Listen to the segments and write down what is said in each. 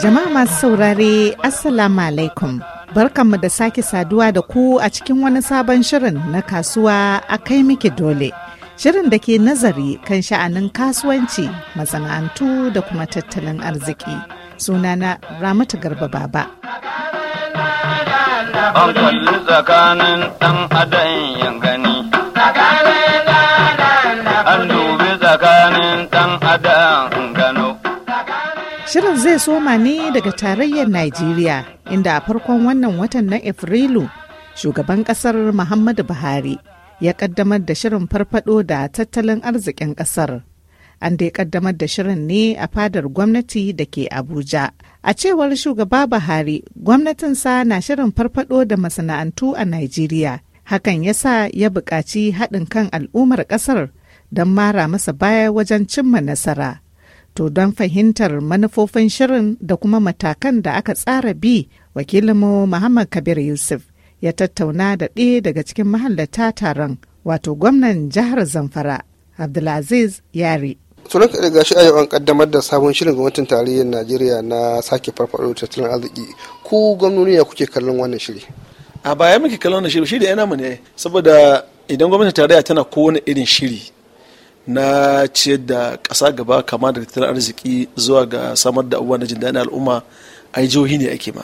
Jama'a masu saurare Assalamu alaikum. Barkanmu da sake saduwa da ku a cikin wani sabon shirin na kasuwa a kai miki dole. Shirin da ke nazari kan sha'anin kasuwanci, masana'antu da kuma tattalin arziki. Sunana Ramatu Garba Baba. An tsakanin gani. Shirin zai soma ne daga tarayyar Najeriya inda a farkon wannan watan na Afrilu shugaban kasar Muhammadu Buhari ya kaddamar da shirin farfado da tattalin arzikin kasar. An dai kaddamar da shirin ne a fadar gwamnati da ke Abuja. A cewar shugaba Buhari, gwamnatinsa na shirin farfado da masana'antu a Najeriya. Hakan ya sa ya buƙaci haɗin kan al'ummar ƙasar don mara masa baya wajen cimma nasara. To don fahimtar manufofin shirin da kuma matakan da aka tsara bi wakilinmu Muhammad Kabir Yusuf ya tattauna da ɗaya daga cikin mahallata taron wato gwamnan jihar Zamfara Abdulaziz Yari. sunan ka ga shi an kaddamar da sabon shirin gwamnatin tarayyar najeriya na sake farfaɗo tattalin arziki ku gwamnoni ya kuke kallon wannan shiri a baya muke kallon wannan shiri shi da yana mu ne saboda idan gwamnatin tarayya tana kowane irin shiri na ciyar da ƙasa gaba kama da tattalin arziki zuwa ga samar da abubuwa na jin daɗin al'umma ai jihohi ne ake ma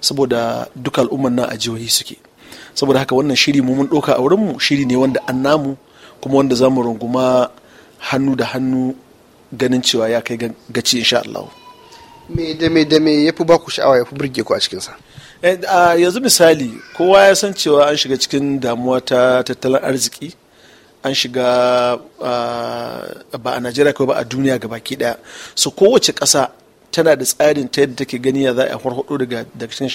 saboda duka al'umman nan a jihohi suke saboda haka wannan shiri mu mun ɗauka a wurinmu shiri ne wanda an namu kuma wanda za mu runguma hannu da hannu ganin cewa ya kai gaci insha Allah. me da me da me ya fi baku sha'awa ya fi burge ku a cikinsa eh, yanzu misali kowa ya san cewa an shiga cikin damuwa ta tattalin arziki an shiga ba a najeriya kawai ba a duniya ga baki daya so kowace ƙasa tana da tsarin ta yadda take gani ya za a farfado daga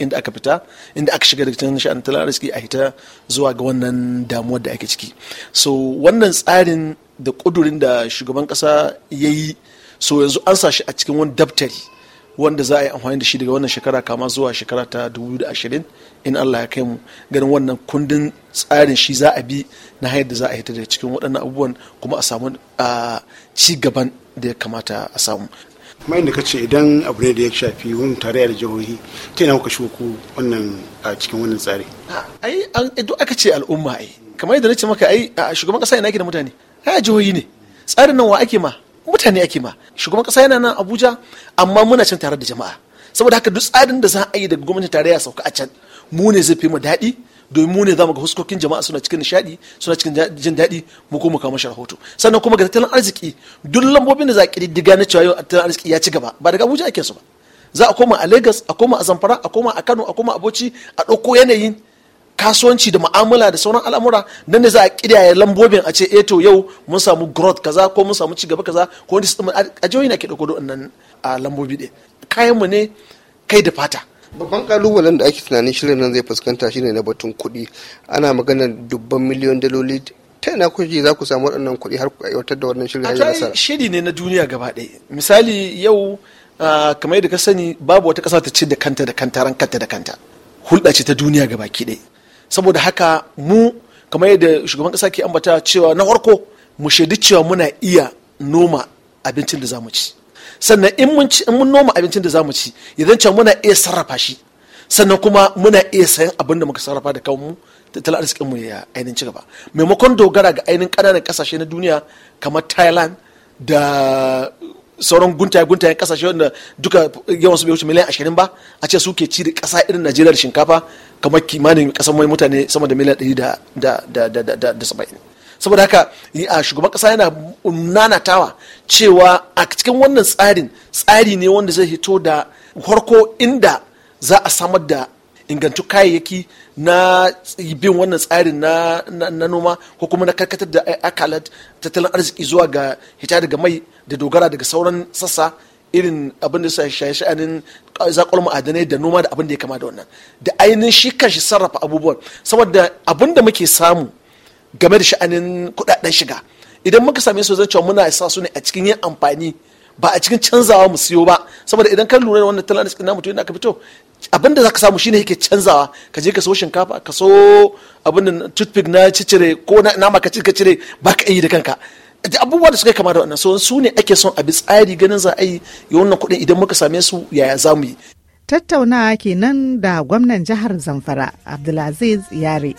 inda aka fita inda aka shiga daga cikin sha'anin tattalin arziki a hita zuwa ga wannan damuwar da ake ciki so wannan tsarin da kudurin da shugaban kasa ya yi so yanzu an sa shi a cikin wani daftari wanda za a yi amfani da shi daga wannan shekara kama zuwa shekara ta 2020 in Allah ya kai mu ganin wannan kundin tsarin shi za a bi na hayar da za a hita daga cikin waɗannan abubuwan kuma a samu ci gaban da ya kamata a samu kamar yadda kace idan abu ne da ya shafi wani tarayyar jihohi ta yana kuka shuku wannan a cikin wannan tsari ai an ido aka ce al'umma ai kamar yadda nace maka ai shugaban kasa yana yake da mutane ai jihohi ne tsarin nan wa ake ma mutane ake ma shugaban kasa yana nan abuja amma muna can tare da jama'a saboda haka duk tsarin da za a yi daga gwamnatin tarayya sauka a can mu ne zai fi mu daɗi domin mu ne za mu ga huskokin jama'a suna cikin nishaɗi suna cikin jin daɗi mu kuma kawo mashi rahoto sannan kuma ga tattalin arziki duk lambobin da za a diga na cewa yau tattalin arziki ya ci gaba ba daga abuja ake su ba za a koma a lagos a koma a zamfara a koma a kano a koma a bauchi a ɗauko yanayin kasuwanci da mu'amala da sauran al'amura nan ne za a kidaya lambobin a ce eh to yau mun samu growth kaza ko mun samu cigaba kaza ko wani system a jihohi na ke dauko a lambobi ɗin kayan mu ne kai da fata babban kalubalen da ake tunanin shirin nan zai fuskanta shine na batun kuɗi ana magana dubban miliyon daloli ta ina kuke za ku samu waɗannan kuɗi har ku aiwatar da wannan shirin nasara shiri ne na duniya gaba ɗaya misali yau kamar yadda ka sani babu wata ƙasa ta ci da kanta da kanta ran kanta da kanta hulɗa ce ta duniya gaba ɗaya saboda haka mu kamar yadda shugaban kasa ke ambata cewa na farko mu shaidi cewa muna iya noma abincin da zamu ci sannan in mun ci in mun noma abincin da zamu ci idan cewa muna iya sarrafa shi sannan kuma muna iya sayan abin da muka sarrafa da kanmu tattalin arzikin mu ya ainihin gaba maimakon dogara ga ainihin ƙananan ƙasashe na duniya kamar thailand da sauran guntaye guntayen kasashe wanda duka yawan su bai wuce miliyan ashirin ba a ce suke ci da kasa irin najeriya da shinkafa kamar kimanin kasar mai mutane sama da miliyan ɗari da saba'in saboda haka a shugaban kasa yana nanatawa cewa a cikin wannan tsarin tsari ne wanda zai hito da farko inda za a samar da ingantu kayayyaki na bin wannan tsarin na, noma ko kuma na karkatar da akalat tattalin arziki zuwa ga hita daga mai da dogara daga sauran sassa irin abin da shaye sha'anin zakwar ma'adanai da noma da abin da ya kama da wannan da ainihin shi kanshi sarrafa abubuwan saboda abin da muke samu game da sha'anin kudaden shiga idan muka same su zan cewa muna sa su ne a cikin yin amfani ba a cikin canzawa mu siyo ba saboda idan ka lura da wannan talan arzikin namu to yana ka fito abin da zaka samu shine yake canzawa ka je ka so shinkafa ka so abin da toothpick na cicire ko nama ka cire ba ka yi da kanka da abubuwa da suka kama da wannan so su ne ake son a bi tsari ganin za a yi wannan kuɗin idan muka same su yaya za mu yi tattaunawa kenan da gwamnan jihar zamfara abdulaziz yare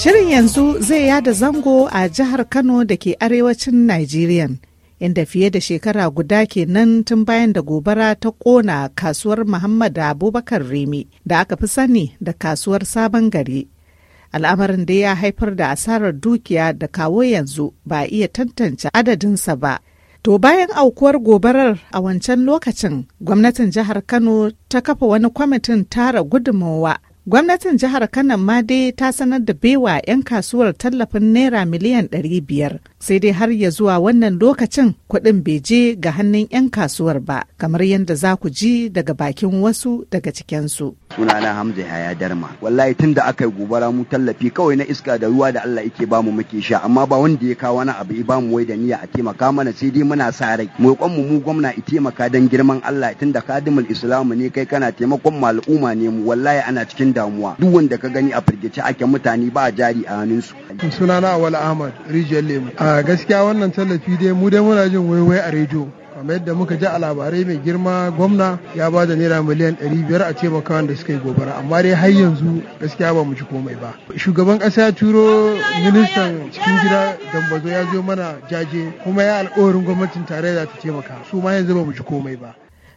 Shirin yanzu zai yada zango a jihar Kano da ke arewacin Najeriya, inda fiye da shekara guda kenan tun bayan da gobara ta ƙona kasuwar Muhammad Abubakar Remi da aka fi sani da kasuwar Sabon Gari. Al'amarin da ya haifar da asarar dukiya da kawo yanzu ba iya tantance adadinsa ba. To bayan aukuwar gobarar a wancan lokacin, gwamnatin jihar Kano ta kafa wani kwamitin tara gudunmawa Gwamnatin jihar Kano ma dai ta sanar da baiwa 'yan kasuwar tallafin naira miliyan 500 sai dai har ya zuwa wannan lokacin kuɗin bai je ga hannun 'yan kasuwar ba kamar yadda za ku ji daga bakin wasu daga cikinsu. sunana Hamza yaya Darma wallahi tunda aka yi gobara mu tallafi kawai na iska da ruwa da Allah yake bamu muke sha amma ba wanda ya kawo wani abu ya bamu wai da niyya a taimaka mana sai dai muna sa rai mu mu mu gwamna i taimaka dan girman Allah tunda kadimul islamu ne kai kana taimakon al'umma ne mu wallahi ana cikin damuwa duk wanda ka gani a firgice ake mutane ba jari a su. sunana wal Ahmad Rijal Lemu a gaskiya wannan tallafi dai mu dai muna jin waiwai a rediyo kamar yadda muka ji a labarai mai girma gwamna ya ba da naira miliyan 500 a taimaka da suka yi gobara amma dai har yanzu gaskiya ba mu ci komai ba shugaban kasa ya turo ministan cikin gida dambazo ya zo mana jaje kuma ya alƙawarin gwamnatin tarayya ta taimaka su ma yanzu ba mu ci komai ba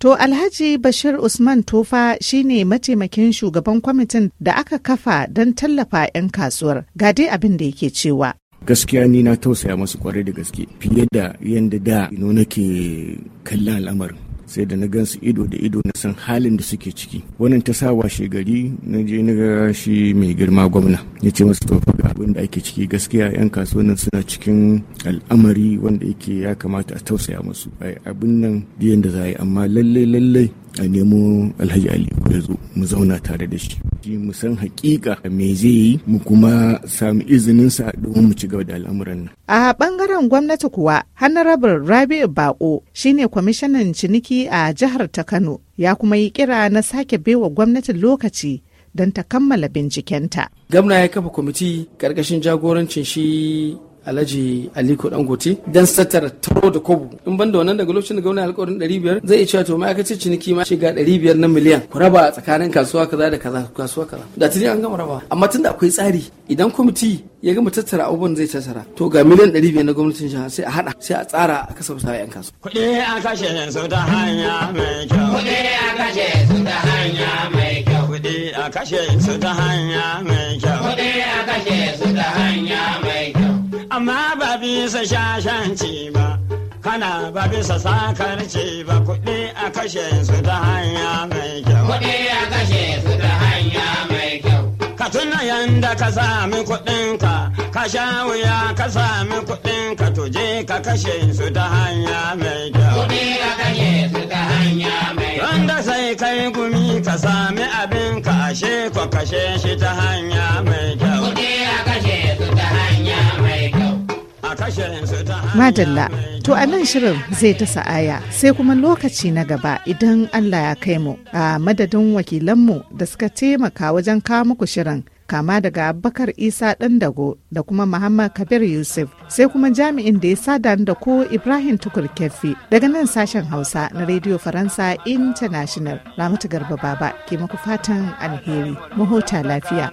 To Alhaji Bashir Usman Tofa shine mataimakin shugaban kwamitin da aka kafa don tallafa 'yan kasuwar ga dai abin da yake cewa. gaskiya ni na tausaya masu kwarai da gaske fiye da yadda da ino nake kallon al'amarin sai da na gansu ido da ido na san halin da suke ciki wannan ta sa washe gari na je na ga shi mai girma gwamna ya ce masu tofa abin da ake ciki gaskiya 'yan kasuwannin suna cikin al'amari wanda yake ya kamata a tausaya musu abin nan biyan da za a yi amma lallai lallai a nemo alhaji ali ya zo mu zauna tare da shi mu san hakika me zai yi mu kuma samu izinin sa domin mu ci gaba da al'amuran nan a bangaren gwamnati kuwa honorable rabi'u bako shine kwamishinan ciniki a jihar ta kano ya kuma yi kira na sake baiwa gwamnati lokaci don ta kammala bincikenta. Gamna ya kafa kwamiti ƙarƙashin jagorancin shi alhaji aliko dangote dan satar taro da kobo in banda wannan daga lokacin da gwamnati alƙawarin 500 zai iya cewa to ma'aikacin ciniki ma shiga 500 na miliyan ku raba tsakanin kasuwa kaza da kaza kasuwa kaza da tuni an gama raba amma tunda akwai tsari idan kwamiti ya gama tattara abubuwan zai tattara to ga miliyan 500 na gwamnatin jiha sai a hada sai a tsara a kasa sa yan kasu kuɗi a kashe su ta hanya mai kyau kuɗi a kashe su ta hanya mai kyau kuɗi a kashe su ta hanya mai kyau kuɗi a kashe su ta hanya mai amma ba bisa shashanci ba kana ba bisa sakarci ba kuɗi a kashe su ta hanya mai kyau kuɗi a kashe su ta hanya mai kyau ka tuna yanda ka sami kuɗinka ka sha wuya ka sami kuɗinka tuje ka kashe su ta hanya mai kyau kuɗi a kashe su ta hanya mai kyau wanda sai kai gumi ka sami abin ka ashe ko kashe shi ta hanya mai kyau Madalla, to a nan shirin zai ta sa'aya sai kuma lokaci na gaba idan Allah ya kai mu a madadin wakilanmu da suka taimaka wajen kawo muku shirin kama daga abubakar Isa dago da kuma Muhammad Kabir Yusuf sai kuma jami'in da ya sada da ko Ibrahim Tukur Kefi daga nan sashen Hausa na Radio Faransa International Ramatu Garba Baba ke maku fatan alheri mu huta lafiya.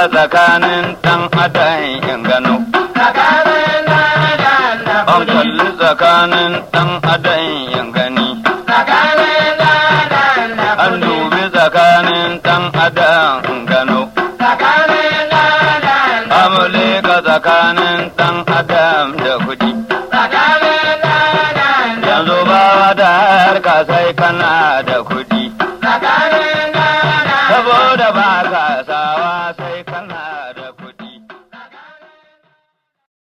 a tsakanin dan adam in gano. An kalli tsakanin dan adam in gani. An dubi tsakanin dan adam in gano. Amulika tsakanin dan adam da kuɗi. Yanzu ba da harka sai kana